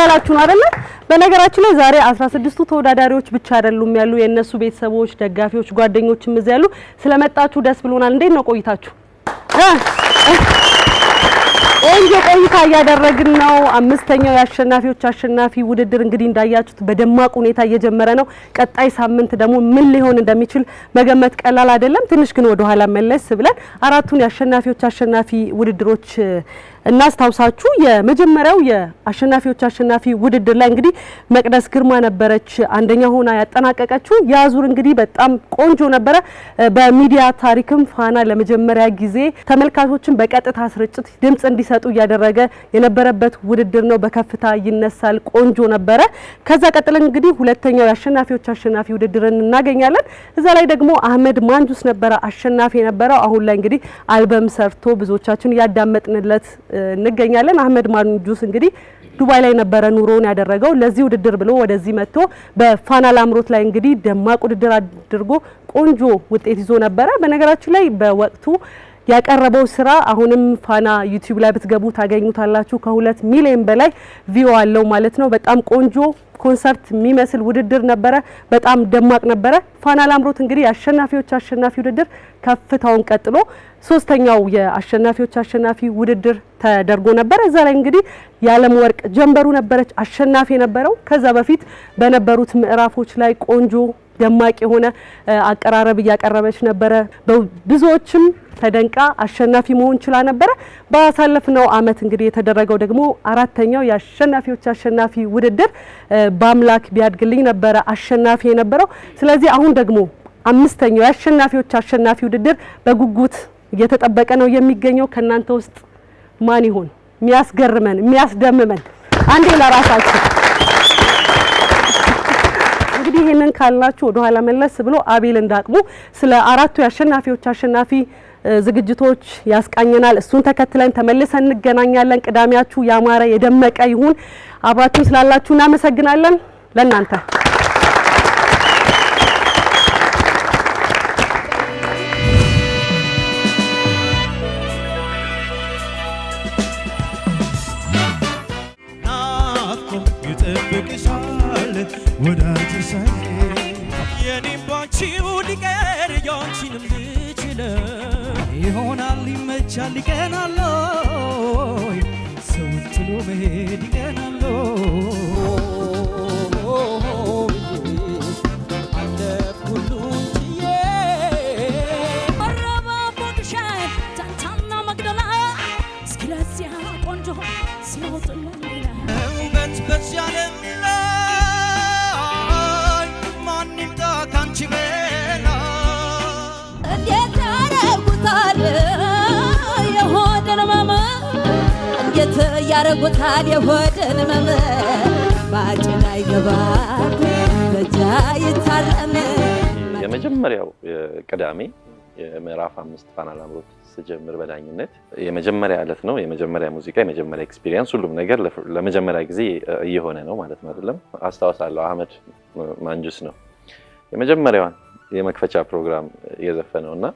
ያላችሁ ነው አይደለ? በነገራችን ላይ ዛሬ 16ቱ ተወዳዳሪዎች ብቻ አይደሉም ያሉ፣ የእነሱ ቤተሰቦች፣ ደጋፊዎች፣ ጓደኞችም እዚህ ያሉ። ስለመጣችሁ ደስ ብሎናል። እንዴት ነው ቆይታችሁ? ቆንጆ ቆይታ እያደረግን ነው። አምስተኛው የአሸናፊዎች አሸናፊ ውድድር እንግዲህ እንዳያችሁት በደማቅ ሁኔታ እየጀመረ ነው። ቀጣይ ሳምንት ደግሞ ምን ሊሆን እንደሚችል መገመት ቀላል አይደለም። ትንሽ ግን ወደ ኋላ መለስ ብለን አራቱን የአሸናፊዎች አሸናፊ ውድድሮች እናስታውሳችሁ የመጀመሪያው የአሸናፊዎች አሸናፊ ውድድር ላይ እንግዲህ መቅደስ ግርማ ነበረች አንደኛ ሆና ያጠናቀቀችው። ያ ዙር እንግዲህ በጣም ቆንጆ ነበረ። በሚዲያ ታሪክም ፋና ለመጀመሪያ ጊዜ ተመልካቾችን በቀጥታ ስርጭት ድምፅ እንዲሰጡ እያደረገ የነበረበት ውድድር ነው። በከፍታ ይነሳል ቆንጆ ነበረ። ከዛ ቀጥለን እንግዲህ ሁለተኛው የአሸናፊዎች አሸናፊ ውድድርን እናገኛለን። እዛ ላይ ደግሞ አህመድ ማንጁስ ነበረ አሸናፊ የነበረው። አሁን ላይ እንግዲህ አልበም ሰርቶ ብዙዎቻችን እያዳመጥንለት እንገኛለን። አህመድ ማንጁስ እንግዲህ ዱባይ ላይ ነበረ ኑሮውን ያደረገው ለዚህ ውድድር ብሎ ወደዚህ መጥቶ በፋና ላምሮት ላይ እንግዲህ ደማቅ ውድድር አድርጎ ቆንጆ ውጤት ይዞ ነበረ። በነገራችን ላይ በወቅቱ ያቀረበው ስራ አሁንም ፋና ዩቲዩብ ላይ ብትገቡ ታገኙታላችሁ። ከሁለት ሚሊዮን በላይ ቪው አለው ማለት ነው። በጣም ቆንጆ ኮንሰርት የሚመስል ውድድር ነበረ። በጣም ደማቅ ነበረ። ፋና ላምሮት እንግዲህ የአሸናፊዎች አሸናፊ ውድድር ከፍታውን ቀጥሎ ሶስተኛው የአሸናፊዎች አሸናፊ ውድድር ተደርጎ ነበረ። እዛ ላይ እንግዲህ የዓለም ወርቅ ጀንበሩ ነበረች አሸናፊ የነበረው። ከዛ በፊት በነበሩት ምዕራፎች ላይ ቆንጆ ደማቅ የሆነ አቀራረብ እያቀረበች ነበረ። ብዙዎችም ተደንቃ አሸናፊ መሆን ችላ ነበረ። ባሳለፍነው አመት እንግዲህ የተደረገው ደግሞ አራተኛው የአሸናፊዎች አሸናፊ ውድድር በአምላክ ቢያድግልኝ ነበረ አሸናፊ የነበረው። ስለዚህ አሁን ደግሞ አምስተኛው የአሸናፊዎች አሸናፊ ውድድር በጉጉት እየተጠበቀ ነው የሚገኘው። ከእናንተ ውስጥ ማን ይሆን የሚያስገርመን የሚያስደምመን? አንዴ ለራሳችሁ እንግዲህ ይህንን ካልናችሁ ወደኋላ መለስ ብሎ አቤል እንዳቅሙ ስለ አራቱ የአሸናፊዎች አሸናፊ ዝግጅቶች ያስቃኘናል። እሱን ተከትለን ተመልሰን እንገናኛለን። ቅዳሜያችሁ ያማረ የደመቀ ይሁን። አብራችሁን ስላላችሁ እናመሰግናለን። ለእናንተ ወዳጅ ሳይ የኔም ባንቺው ሊቀር ያንቺንም ልችለው ይሆናል ይመቻል መሄድ ያረጉታል የሆድን መመ ባጭን አይገባ በጃ ይታረም። የመጀመሪያው ቅዳሜ የምዕራፍ አምስት ፋና ላምሮት ስጀምር በዳኝነት የመጀመሪያ ዕለት ነው። የመጀመሪያ ሙዚቃ፣ የመጀመሪያ ኤክስፒሪየንስ፣ ሁሉም ነገር ለመጀመሪያ ጊዜ እየሆነ ነው ማለት ነው አይደለም። አስታውሳለሁ አህመድ ማንጁስ ነው የመጀመሪያዋን የመክፈቻ ፕሮግራም የዘፈነው እና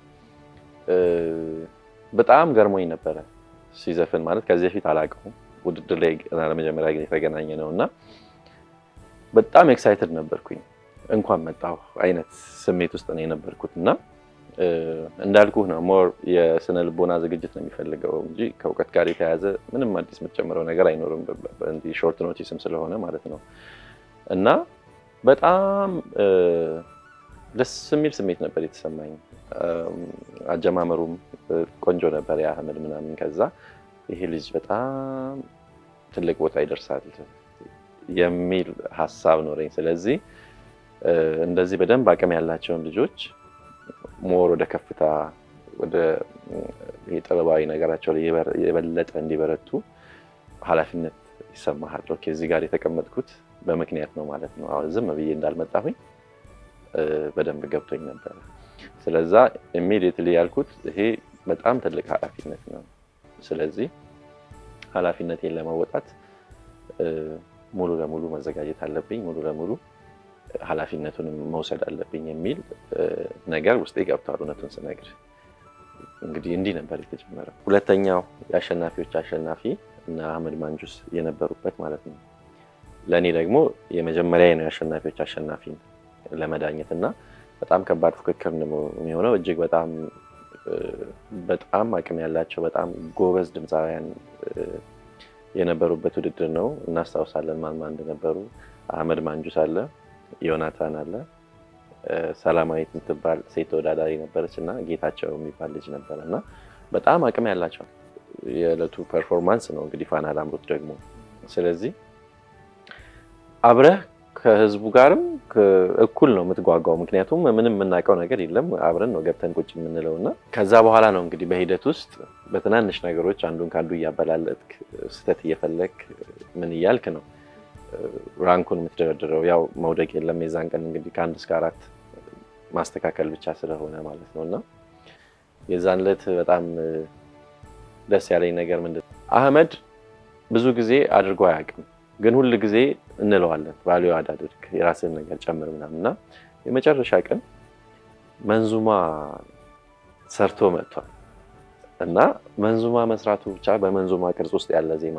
በጣም ገርሞኝ ነበረ ሲዘፍን ማለት ከዚህ በፊት አላውቀውም። ውድድር ላይ ለመጀመሪያ ጊዜ የተገናኘ ነው እና በጣም ኤክሳይትድ ነበርኩኝ። እንኳን መጣሁ አይነት ስሜት ውስጥ ነው የነበርኩት እና እንዳልኩህ ነው ሞር የስነ ልቦና ዝግጅት ነው የሚፈልገው እንጂ ከእውቀት ጋር የተያያዘ ምንም አዲስ የምትጨምረው ነገር አይኖርም። እንዲህ ሾርት ኖቲስም ስለሆነ ማለት ነው እና በጣም ደስ የሚል ስሜት ነበር የተሰማኝ። አጀማመሩም ቆንጆ ነበር የአህመድ ምናምን። ከዛ ይሄ ልጅ በጣም ትልቅ ቦታ ይደርሳል የሚል ሀሳብ ኖረኝ። ስለዚህ እንደዚህ በደንብ አቅም ያላቸውን ልጆች ሞር ወደ ከፍታ ወደ ጥበባዊ ነገራቸው ላይ የበለጠ እንዲበረቱ ኃላፊነት ይሰማሃል። ኦኬ እዚህ ጋር የተቀመጥኩት በምክንያት ነው ማለት ነው። አሁን ዝም ብዬ እንዳልመጣሁኝ በደንብ ገብቶኝ ነበረ። ስለዛ ኢሚዲየትሊ ያልኩት ይሄ በጣም ትልቅ ኃላፊነት ነው። ስለዚህ ኃላፊነቴን ለመወጣት ሙሉ ለሙሉ መዘጋጀት አለብኝ፣ ሙሉ ለሙሉ ኃላፊነቱን መውሰድ አለብኝ የሚል ነገር ውስጤ ገብቷል። እውነቱን ስነግር እንግዲህ እንዲህ ነበር የተጀመረው። ሁለተኛው የአሸናፊዎች አሸናፊ እና አህመድ ማንጁስ የነበሩበት ማለት ነው። ለእኔ ደግሞ የመጀመሪያ ነው የአሸናፊዎች አሸናፊን ለመዳኘት እና በጣም ከባድ ፉክክር ነው የሚሆነው እጅግ በጣም በጣም አቅም ያላቸው በጣም ጎበዝ ድምፃውያን የነበሩበት ውድድር ነው። እናስታውሳለን ማን ማን እንደነበሩ። አህመድ ማንጁስ አለ፣ ዮናታን አለ፣ ሰላማዊት የምትባል ሴት ተወዳዳሪ ነበረች እና ጌታቸው የሚባል ልጅ ነበረ እና በጣም አቅም ያላቸው የዕለቱ ፐርፎርማንስ ነው እንግዲህ ፋና ላምሮት ደግሞ ስለዚህ አብረህ ከህዝቡ ጋርም እኩል ነው የምትጓጓው። ምክንያቱም ምንም የምናውቀው ነገር የለም አብረን ነው ገብተን ቁጭ የምንለው እና ከዛ በኋላ ነው እንግዲህ በሂደት ውስጥ በትናንሽ ነገሮች አንዱን ከአንዱ እያበላለጥክ ስህተት እየፈለክ ምን እያልክ ነው ራንኩን የምትደረድረው። ያው መውደቅ የለም የዛን ቀን እንግዲህ ከአንድ እስከ አራት ማስተካከል ብቻ ስለሆነ ማለት ነው እና የዛን ዕለት በጣም ደስ ያለኝ ነገር ምንድን ነው አህመድ ብዙ ጊዜ አድርጎ አያውቅም ግን ሁል ጊዜ እንለዋለን ቫሊዩ አዳድርግ የራስን ነገር ጨምር ምናምን እና የመጨረሻ ቀን መንዙማ ሰርቶ መጥቷል እና መንዙማ መስራቱ ብቻ በመንዙማ ቅርጽ ውስጥ ያለ ዜማ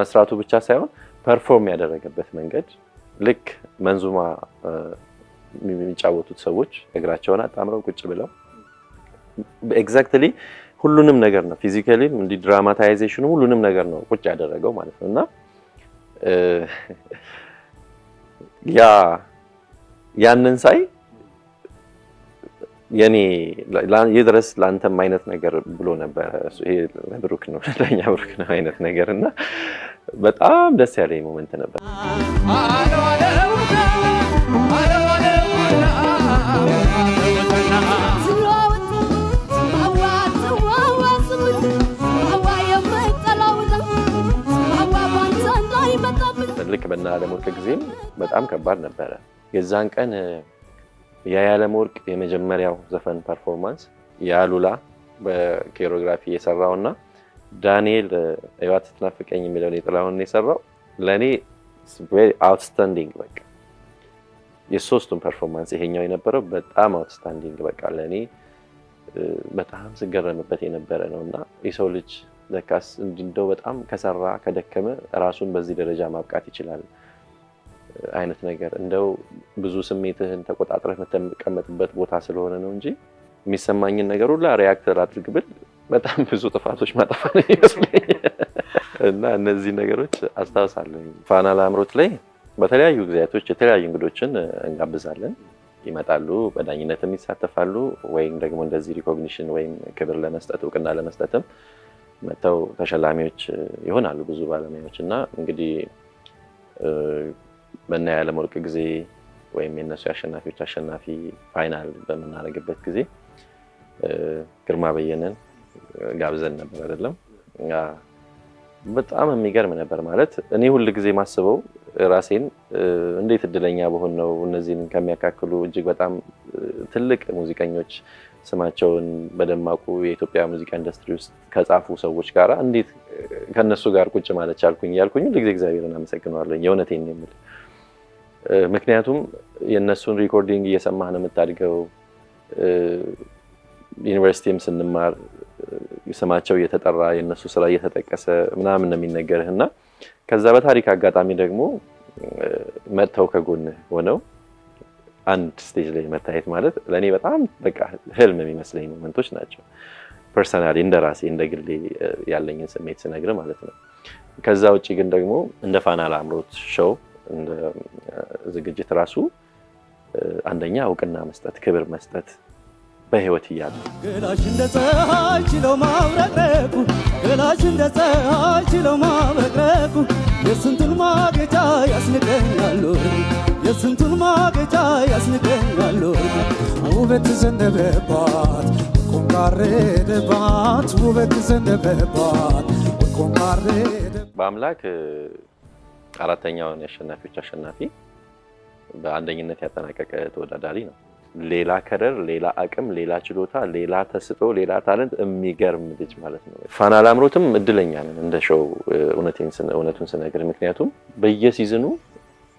መስራቱ ብቻ ሳይሆን ፐርፎርም ያደረገበት መንገድ ልክ መንዙማ የሚጫወቱት ሰዎች እግራቸውን አጣምረው ቁጭ ብለው ኤግዛክትሊ ሁሉንም ነገር ነው ፊዚካሊ እንዲህ ድራማታይዜሽኑ ሁሉንም ነገር ነው ቁጭ ያደረገው ማለት ነው እና ያ ያንን ሳይ የኔ ድረስ ለአንተም አይነት ነገር ብሎ ነበረ። ይሄ ለብሩክ ነው ለኛ ብሩክ ነው አይነት ነገር እና በጣም ደስ ያለኝ ሞመንት ነበር። በእነ አለምወርቅ ጊዜም በጣም ከባድ ነበረ። የዛን ቀን የአለምወርቅ የመጀመሪያው ዘፈን ፐርፎርማንስ የአሉላ በኬሮግራፊ የሰራው እና ዳንኤል ህይወት ስትናፍቀኝ የሚለውን የጥላሁን የሰራው ለእኔ አውትስታንዲንግ በቃ የሶስቱን ፐርፎርማንስ ይሄኛው የነበረው በጣም አውትስታንዲንግ በቃ ለእኔ በጣም ስገረምበት የነበረ ነው እና የሰው ልጅ ለካስ እንደው በጣም ከሰራ ከደከመ ራሱን በዚህ ደረጃ ማብቃት ይችላል አይነት ነገር እንደው ብዙ ስሜትህን ተቆጣጥረህ የምትቀመጥበት ቦታ ስለሆነ ነው እንጂ የሚሰማኝን ነገር ሁላ ሪያክተር አድርግ ብል በጣም ብዙ ጥፋቶች ማጠፋ ነው እና እነዚህ ነገሮች አስታውሳለሁ። ፋና ላምሮት ላይ በተለያዩ ጊዜያቶች የተለያዩ እንግዶችን እንጋብዛለን። ይመጣሉ፣ በዳኝነትም ይሳተፋሉ ወይም ደግሞ እንደዚህ ሪኮግኒሽን ወይም ክብር ለመስጠት እውቅና ለመስጠትም መጥተው ተሸላሚዎች ይሆናሉ ብዙ ባለሙያዎች እና እንግዲህ መና ያለመወርቅ ጊዜ ወይም የነሱ የአሸናፊዎች አሸናፊ ፋይናል በምናደርግበት ጊዜ ግርማ በየነን ጋብዘን ነበር አይደለም። በጣም የሚገርም ነበር። ማለት እኔ ሁል ጊዜ ማስበው ራሴን እንዴት እድለኛ በሆን ነው እነዚህን ከሚያካክሉ እጅግ በጣም ትልቅ ሙዚቀኞች ስማቸውን በደማቁ የኢትዮጵያ ሙዚቃ ኢንዱስትሪ ውስጥ ከጻፉ ሰዎች ጋር እንዴት ከእነሱ ጋር ቁጭ ማለት ቻልኩኝ እያልኩኝ ሁልጊዜ እግዚአብሔርን አመሰግነዋለኝ። የእውነቴን የምል ምክንያቱም የእነሱን ሪኮርዲንግ እየሰማህ ነው የምታድገው። ዩኒቨርሲቲም ስንማር ስማቸው እየተጠራ የእነሱ ስራ እየተጠቀሰ ምናምን ነው የሚነገርህ እና ከዛ በታሪክ አጋጣሚ ደግሞ መጥተው ከጎንህ ሆነው አንድ ስቴጅ ላይ መታየት ማለት ለእኔ በጣም በቃ ህልም የሚመስለኝ ሞመንቶች ናቸው። ፐርሰናሊ እንደ ራሴ እንደ ግሌ ያለኝን ስሜት ስነግር ማለት ነው። ከዛ ውጭ ግን ደግሞ እንደ ፋና ላምሮት ሾው እንደ ዝግጅት ራሱ አንደኛ እውቅና መስጠት፣ ክብር መስጠት በህይወት እያለ ገላሽ እንደ ፀሐይ ችለው ማብረቅረቁ ገላሽ እንደ ፀሐይ ችለው ማብረቅረቁ የስንቱን ማጌጫ ያስንቀኛሉ የስንቱን ማገጫ ያስንቀኛሉ ውበት ዘነበባት ቆንቃሬደባት ውበት ዘነበባት በአምላክ አራተኛውን የአሸናፊዎች አሸናፊ በአንደኝነት ያጠናቀቀ ተወዳዳሪ ነው። ሌላ ከለር፣ ሌላ አቅም፣ ሌላ ችሎታ፣ ሌላ ተስጦ፣ ሌላ ታለንት የሚገርም ልጅ ማለት ነው። ፋና ላምሮትም እድለኛ ነን እንደ ሸው እውነቱን ስነግር፣ ምክንያቱም በየሲዝኑ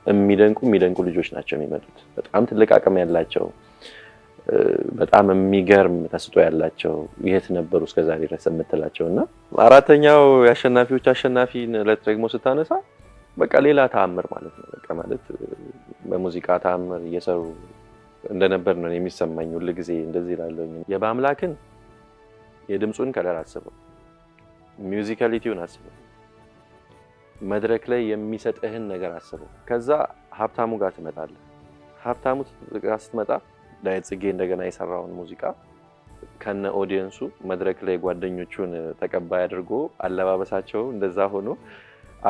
የሚደንቁ የሚደንቁ ልጆች ናቸው የሚመጡት። በጣም ትልቅ አቅም ያላቸው፣ በጣም የሚገርም ተስጦ ያላቸው የት ነበሩ እስከዛሬ ድረስ የምትላቸው እና አራተኛው የአሸናፊዎች አሸናፊ ዕለት ደግሞ ስታነሳ በቃ ሌላ ተአምር ማለት ነው። በቃ ማለት በሙዚቃ ተአምር እየሰሩ እንደነበር ነው የሚሰማኝ። ሁል ጊዜ እንደዚህ ላለኝ የበአምላክን የድምፁን ከለር አስበው፣ ሚውዚካሊቲውን አስበው መድረክ ላይ የሚሰጥህን ነገር አስበው። ከዛ ሀብታሙ ጋር ትመጣለህ። ሀብታሙ ጋር ስትመጣ ዳዊት ጽጌ እንደገና የሰራውን ሙዚቃ ከነ ኦዲየንሱ መድረክ ላይ ጓደኞቹን ተቀባይ አድርጎ አለባበሳቸው እንደዛ ሆኖ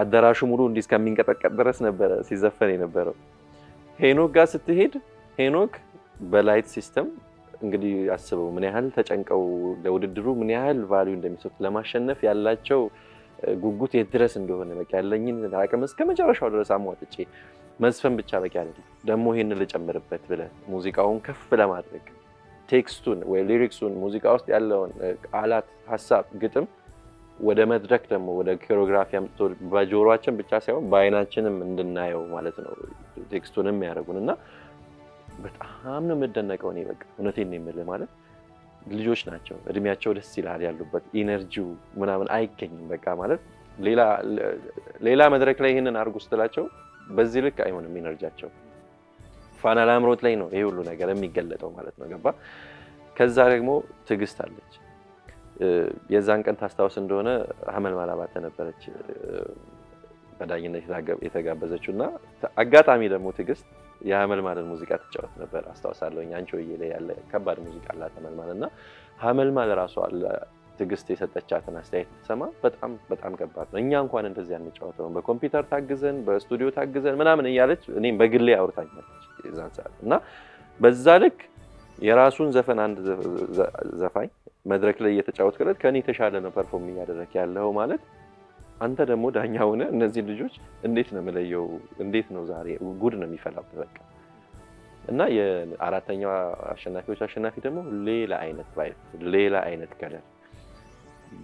አዳራሹ ሙሉ እንዲህ እስከሚንቀጠቀጥ ድረስ ነበረ ሲዘፈን የነበረው። ሄኖክ ጋር ስትሄድ ሄኖክ በላይት ሲስተም እንግዲህ አስበው ምን ያህል ተጨንቀው ለውድድሩ ምን ያህል ቫሊዩ እንደሚሰጡት ለማሸነፍ ያላቸው ጉጉት የት ድረስ እንደሆነ በቃ ያለኝን አቅም እስከ መጨረሻው ድረስ አሟጥጬ መዝፈን ብቻ በቂ አይደለም። ደግሞ ይህን ልጨምርበት ብለህ ሙዚቃውን ከፍ ለማድረግ ቴክስቱን ወይ ሊሪክሱን ሙዚቃ ውስጥ ያለውን ቃላት፣ ሀሳብ፣ ግጥም ወደ መድረክ ደግሞ ወደ ኮሪዮግራፊ አምጥቶ በጆሮችን ብቻ ሳይሆን በአይናችንም እንድናየው ማለት ነው ቴክስቱንም ያደረጉን እና በጣም ነው የምደነቀው። እኔ በቃ እውነቴን ነው የምልህ ማለት ልጆች ናቸው። እድሜያቸው ደስ ይላል። ያሉበት ኢነርጂው ምናምን አይገኝም። በቃ ማለት ሌላ መድረክ ላይ ይህንን አድርጉ ስትላቸው በዚህ ልክ አይሆንም ኢነርጂያቸው። ፋና ላምሮት ላይ ነው ይህ ሁሉ ነገር የሚገለጠው ማለት ነው። ገባ። ከዛ ደግሞ ትዕግስት አለች። የዛን ቀን ታስታውስ እንደሆነ ሀመል አባተ ነበረች በዳኝነት የተጋበዘችው እና አጋጣሚ ደግሞ ትዕግስት የሀመልማልን ሙዚቃ ትጫወት ነበር አስታውሳለሁ አንቺ ወዬ ላይ ያለ ከባድ ሙዚቃ አላት ሀመልማል እና ሀመልማል ራሷ ትዕግስት የሰጠቻትን አስተያየት ትሰማ በጣም በጣም ከባድ ነው። እኛ እንኳን እንደዚህ አንጫወተውም በኮምፒውተር ታግዘን በስቱዲዮ ታግዘን ምናምን እያለች እኔም በግሌ አውርታኛለች የዛን ሰዓት እና በዛ ልክ የራሱን ዘፈን አንድ ዘፋኝ መድረክ ላይ እየተጫወትክለት ከእኔ የተሻለ ነው ፐርፎርም እያደረክ ያለው ማለት አንተ ደግሞ ዳኛ ሆነ እነዚህን ልጆች እንዴት ነው የምለየው? እንዴት ነው ዛሬ ጉድ ነው የሚፈላበት በቃ እና የአራተኛው አሸናፊዎች አሸናፊ ደግሞ ሌላ አይነት ቫይብ፣ ሌላ አይነት ከለር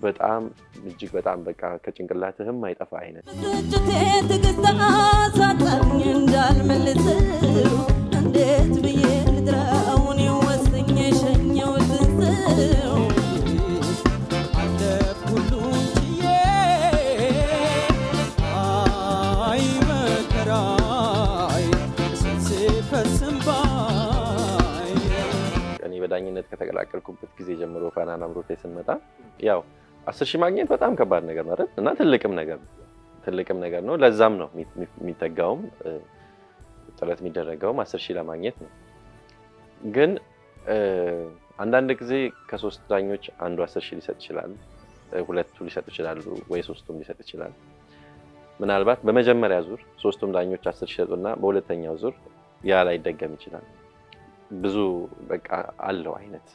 በጣም እጅግ በጣም በቃ ከጭንቅላትህም አይጠፋ አይነት ትግስት እንዳልመልሰው እንዴት ብዬ ዳኝነት ከተቀላቀልኩበት ጊዜ ጀምሮ ፋናና ብሮቴ ስመጣ ያው አስር ሺህ ማግኘት በጣም ከባድ ነገር ማለት እና ትልቅም ነገር ትልቅም ነገር ነው። ለዛም ነው የሚተጋውም ጥረት የሚደረገውም አስር ሺህ ለማግኘት ነው። ግን አንዳንድ ጊዜ ከሶስት ዳኞች አንዱ አስር ሺህ ሊሰጥ ይችላል፣ ሁለቱ ሊሰጥ ይችላሉ፣ ወይ ሶስቱም ሊሰጥ ይችላል። ምናልባት በመጀመሪያ ዙር ሶስቱም ዳኞች አስር ሺህ ሰጡና በሁለተኛው ዙር ያ ላይ ይደገም ይችላል። ብዙ በቃ አለው አይነት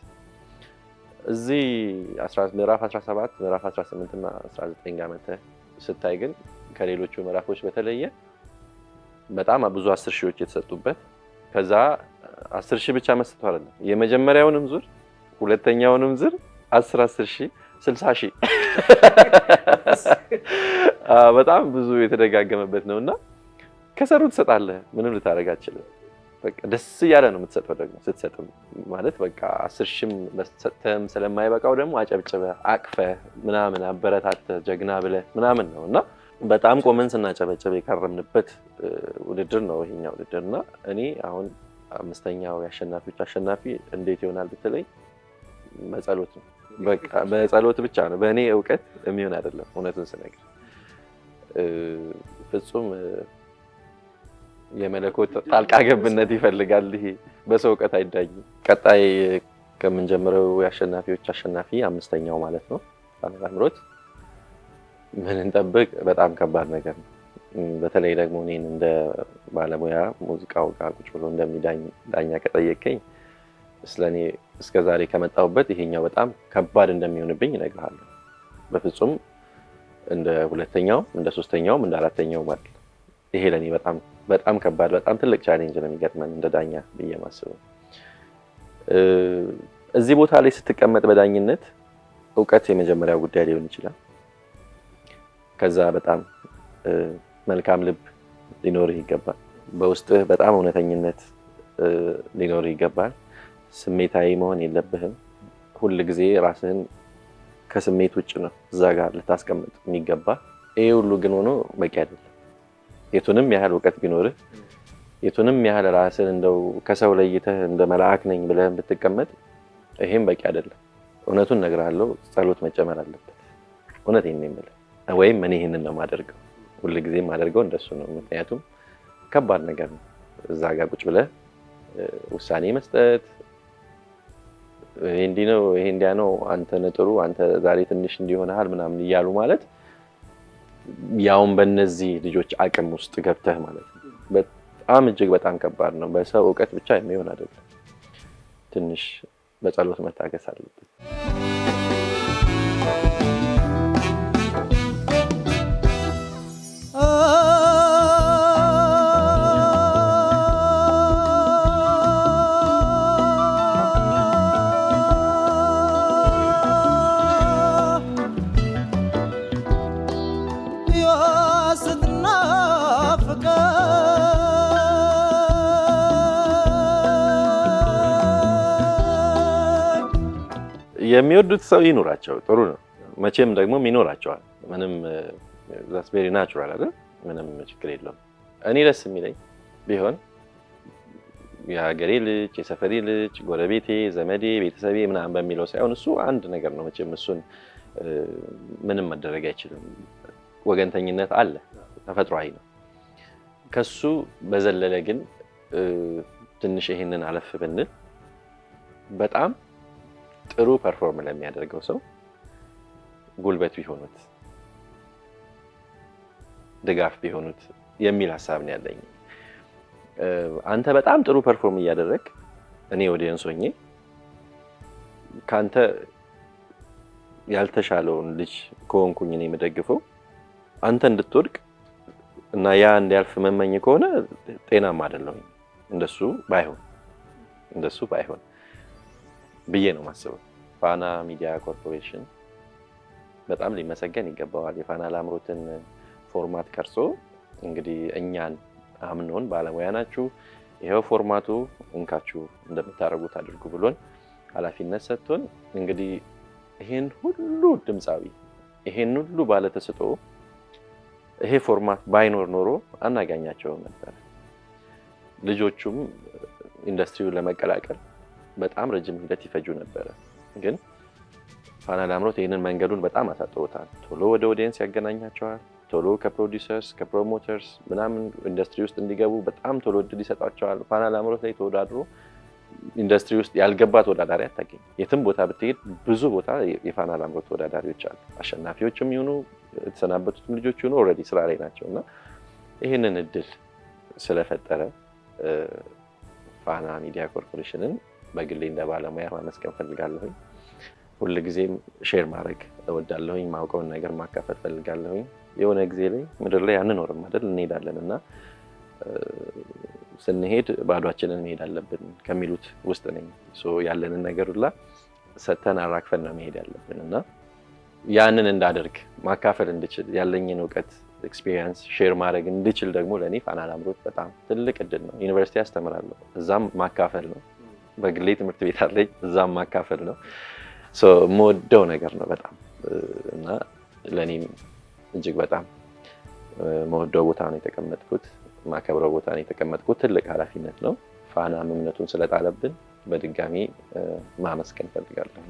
እዚህ ምዕራፍ 17 ምዕራፍ 18 እና 19 ዓመተ ስታይ ግን ከሌሎቹ ምዕራፎች በተለየ በጣም ብዙ አስር ሺዎች የተሰጡበት ከዛ አስር ሺህ ብቻ መስጠቱ አለ የመጀመሪያውንም ዙር ሁለተኛውንም ዝር አስር አስር ሺህ ስልሳ በጣም ብዙ የተደጋገመበት ነው እና ከሰሩ ትሰጣለህ ምንም ልታደረግ አችልም በቃ ደስ እያለ ነው የምትሰጠው። ደግሞ ስትሰጥም ማለት በቃ አስር ሺህም ሰጥተህም ስለማይበቃው ደግሞ አጨብጭበህ አቅፈህ ምናምን አበረታተህ ጀግና ብለህ ምናምን ነው እና በጣም ቆመን ስናጨበጨበ የከረምንበት ውድድር ነው ይሄኛ ውድድር እና እኔ አሁን አምስተኛው የአሸናፊዎች አሸናፊ እንዴት ይሆናል ብትለኝ በጸሎት ነው። በጸሎት ብቻ ነው። በእኔ እውቀት የሚሆን አይደለም። እውነቱን ስነግር ፍጹም የመለኮት ጣልቃ ገብነት ይፈልጋል። ይሄ በሰው እውቀት አይዳኝም። ቀጣይ ከምንጀምረው የአሸናፊዎች አሸናፊ አምስተኛው ማለት ነው አምሮት ምን እንጠብቅ? በጣም ከባድ ነገር ነው። በተለይ ደግሞ እኔን እንደ ባለሙያ ሙዚቃው ጋር ቁጭ ብሎ እንደሚዳኝ ዳኛ ከጠየቀኝ ስለ እኔ እስከዛሬ ከመጣሁበት ይሄኛው በጣም ከባድ እንደሚሆንብኝ እነግርሃለሁ። በፍጹም እንደ ሁለተኛውም እንደ ሶስተኛውም እንደ አራተኛውም አይደለም። ይሄ ለእኔ በጣም በጣም ከባድ በጣም ትልቅ ቻሌንጅ ነው የሚገጥመን እንደ ዳኛ ብዬ ማስበው። እዚህ ቦታ ላይ ስትቀመጥ በዳኝነት እውቀት የመጀመሪያ ጉዳይ ሊሆን ይችላል። ከዛ በጣም መልካም ልብ ሊኖርህ ይገባል። በውስጥህ በጣም እውነተኝነት ሊኖርህ ይገባል። ስሜታዊ መሆን የለብህም። ሁል ጊዜ ራስህን ከስሜት ውጭ ነው እዛ ጋር ልታስቀምጥ የሚገባ። ይሄ ሁሉ ግን ሆኖ በቂ አይደለም። የቱንም ያህል እውቀት ቢኖርህ የቱንም ያህል ራስን እንደው ከሰው ለይተህ እንደ መልአክ ነኝ ብለህ ብትቀመጥ ይሄም በቂ አይደለም። እውነቱን እነግርሃለሁ፣ ጸሎት መጨመር አለበት። እውነት ይህን የምልህ። ወይም እኔ ይህንን ነው የማደርገው፣ ሁልጊዜ የማደርገው እንደሱ ነው። ምክንያቱም ከባድ ነገር ነው እዛ ጋር ቁጭ ብለህ ውሳኔ መስጠት ይሄ እንዲህ ነው ይሄ እንዲያ ነው፣ አንተ ነጥሩ አንተ ዛሬ ትንሽ እንዲሆንሃል ምናምን እያሉ ማለት ያውን በነዚህ ልጆች አቅም ውስጥ ገብተህ ማለት ነው። በጣም እጅግ በጣም ከባድ ነው። በሰው እውቀት ብቻ የሚሆን አይደለም። ትንሽ በጸሎት መታገስ አለብን። የሚወዱት ሰው ይኑራቸው፣ ጥሩ ነው። መቼም ደግሞ ይኖራቸዋል። ምንም ዛስ ቬሪ ናቹራል አይደል? ምንም ችግር የለውም። እኔ ደስ የሚለኝ ቢሆን የሀገሬ ልጅ፣ የሰፈሬ ልጅ፣ ጎረቤቴ፣ ዘመዴ፣ ቤተሰቤ ምናምን በሚለው ሳይሆን እሱ አንድ ነገር ነው። መቼም እሱን ምንም መደረግ አይችልም። ወገንተኝነት አለ፣ ተፈጥሯዊ ነው። ከሱ በዘለለ ግን ትንሽ ይሄንን አለፍ ብንል በጣም ጥሩ ፐርፎርም ለሚያደርገው ሰው ጉልበት ቢሆኑት ድጋፍ ቢሆኑት የሚል ሀሳብ ነው ያለኝ። አንተ በጣም ጥሩ ፐርፎርም እያደረግ እኔ ኦዲየንስ ሆኜ ከአንተ ያልተሻለውን ልጅ ከሆንኩኝ እኔ የምደግፈው አንተ እንድትወድቅ እና ያ እንዲያልፍ መመኝ ከሆነ ጤናም አይደለሁም። እንደሱ ባይሆን እንደሱ ባይሆን ብዬ ነው ማስበው። ፋና ሚዲያ ኮርፖሬሽን በጣም ሊመሰገን ይገባዋል። የፋና ላምሮትን ፎርማት ቀርጾ እንግዲህ እኛን አምኖን ባለሙያ ናችሁ፣ ይኸው ፎርማቱ እንካችሁ እንደምታደርጉት አድርጉ ብሎን ኃላፊነት ሰጥቶን እንግዲህ ይሄን ሁሉ ድምፃዊ ይሄን ሁሉ ባለተስጦ ይሄ ፎርማት ባይኖር ኖሮ አናገኛቸውም ነበር። ልጆቹም ኢንዱስትሪውን ለመቀላቀል በጣም ረጅም ሂደት ይፈጁ ነበረ። ግን ፋና ላምሮት ይህንን መንገዱን በጣም አሳጥሮታል። ቶሎ ወደ ኦዲየንስ ያገናኛቸዋል። ቶሎ ከፕሮዲሰርስ ከፕሮሞተርስ ምናምን ኢንዱስትሪ ውስጥ እንዲገቡ በጣም ቶሎ እድል ይሰጣቸዋል። ፋና ላምሮት ላይ ተወዳድሮ ኢንዱስትሪ ውስጥ ያልገባ ተወዳዳሪ አታገኝ። የትም ቦታ ብትሄድ ብዙ ቦታ የፋና ላምሮት ተወዳዳሪዎች አሉ። አሸናፊዎችም ይሁኑ የተሰናበቱትም ልጆች ይሁኑ ኦልሬዲ ስራ ላይ ናቸው እና ይህንን እድል ስለፈጠረ ፋና ሚዲያ ኮርፖሬሽንን በግሌ እንደ ባለሙያ ማመስገን ፈልጋለሁኝ። ሁልጊዜም ሼር ማድረግ እወዳለሁኝ። ማውቀውን ነገር ማካፈል ፈልጋለሁኝ። የሆነ ጊዜ ላይ ምድር ላይ አንኖርም አይደል? እንሄዳለን እና ስንሄድ ባዷችንን መሄድ አለብን ከሚሉት ውስጥ ነኝ። ያለንን ነገር ሁላ ሰተን አራክፈን ነው መሄድ ያለብን እና ያንን እንዳደርግ ማካፈል እንድችል ያለኝን እውቀት ኤክስፒሪየንስ ሼር ማድረግ እንድችል ደግሞ ለእኔ ፋና ላምሮት በጣም ትልቅ እድል ነው። ዩኒቨርሲቲ አስተምራለሁ፣ እዛም ማካፈል ነው በግሌ ትምህርት ቤት አለኝ። እዛም ማካፈል ነው የምወደው ነገር ነው በጣም እና ለእኔም እጅግ በጣም መወደው ቦታ ነው የተቀመጥኩት፣ ማከብረው ቦታ ነው የተቀመጥኩት። ትልቅ ኃላፊነት ነው። ፋና እምነቱን ስለጣለብን በድጋሚ ማመስገን ፈልጋለሁ።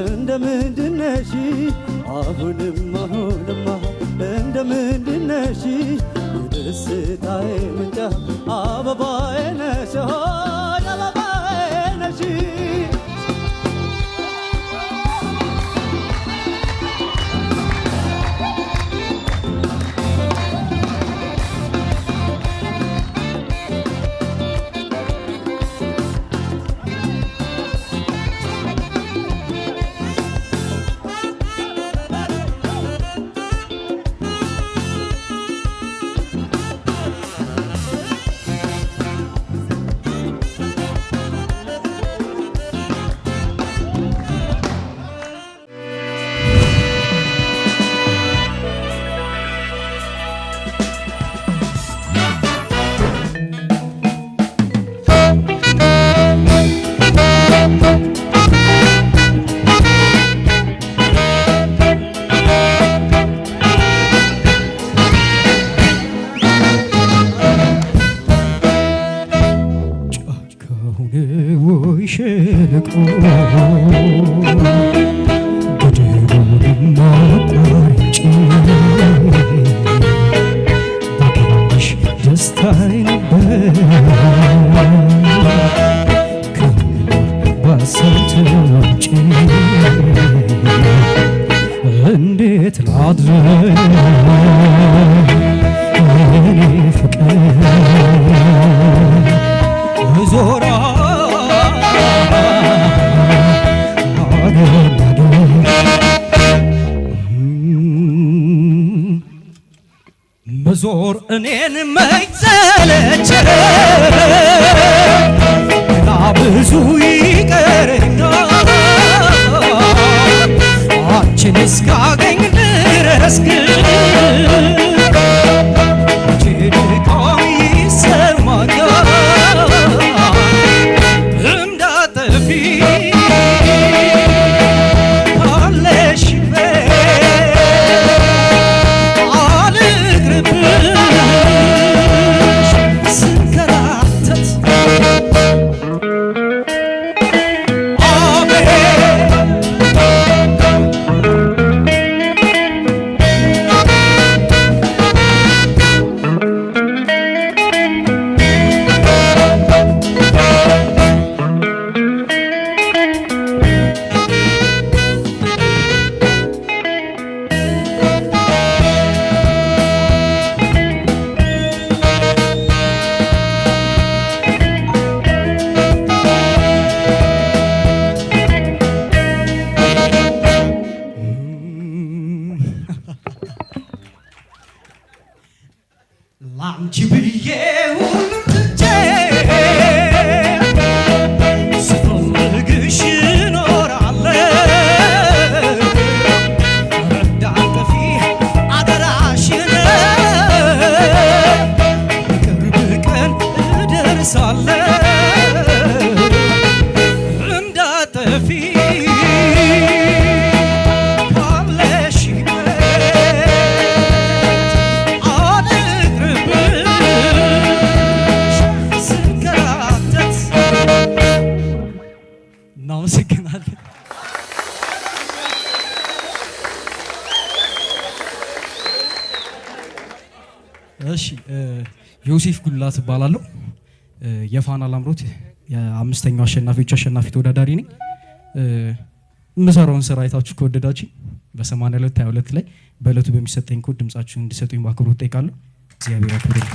እንደምንድነሽ? አሁንም አሁንማ እንደምንድነሽ? ደስታዬ ምንጭ አበባዬ ነሽ አበባዬ ነሽ enemy. I'm Jubilee, yeah. ሜላት እባላለሁ። የፋና ላምሮት የአምስተኛው አሸናፊዎች አሸናፊ ተወዳዳሪ ነኝ። የምሰራውን ስራ አይታችሁ ከወደዳችሁ በ8222 ላይ በእለቱ በሚሰጠኝ ኮድ ድምጻችሁን እንዲሰጡኝ በአክብሮት እጠይቃለሁ። እግዚአብሔር ያክብርልኝ።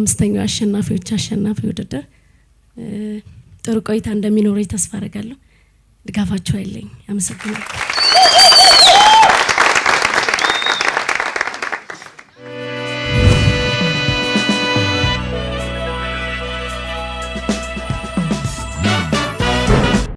አምስተኛው አሸናፊዎች አሸናፊ ውድድር ጥሩ ቆይታ እንደሚኖረኝ ተስፋ አደርጋለሁ። ድጋፋችሁ አይለኝ። አመሰግናለሁ።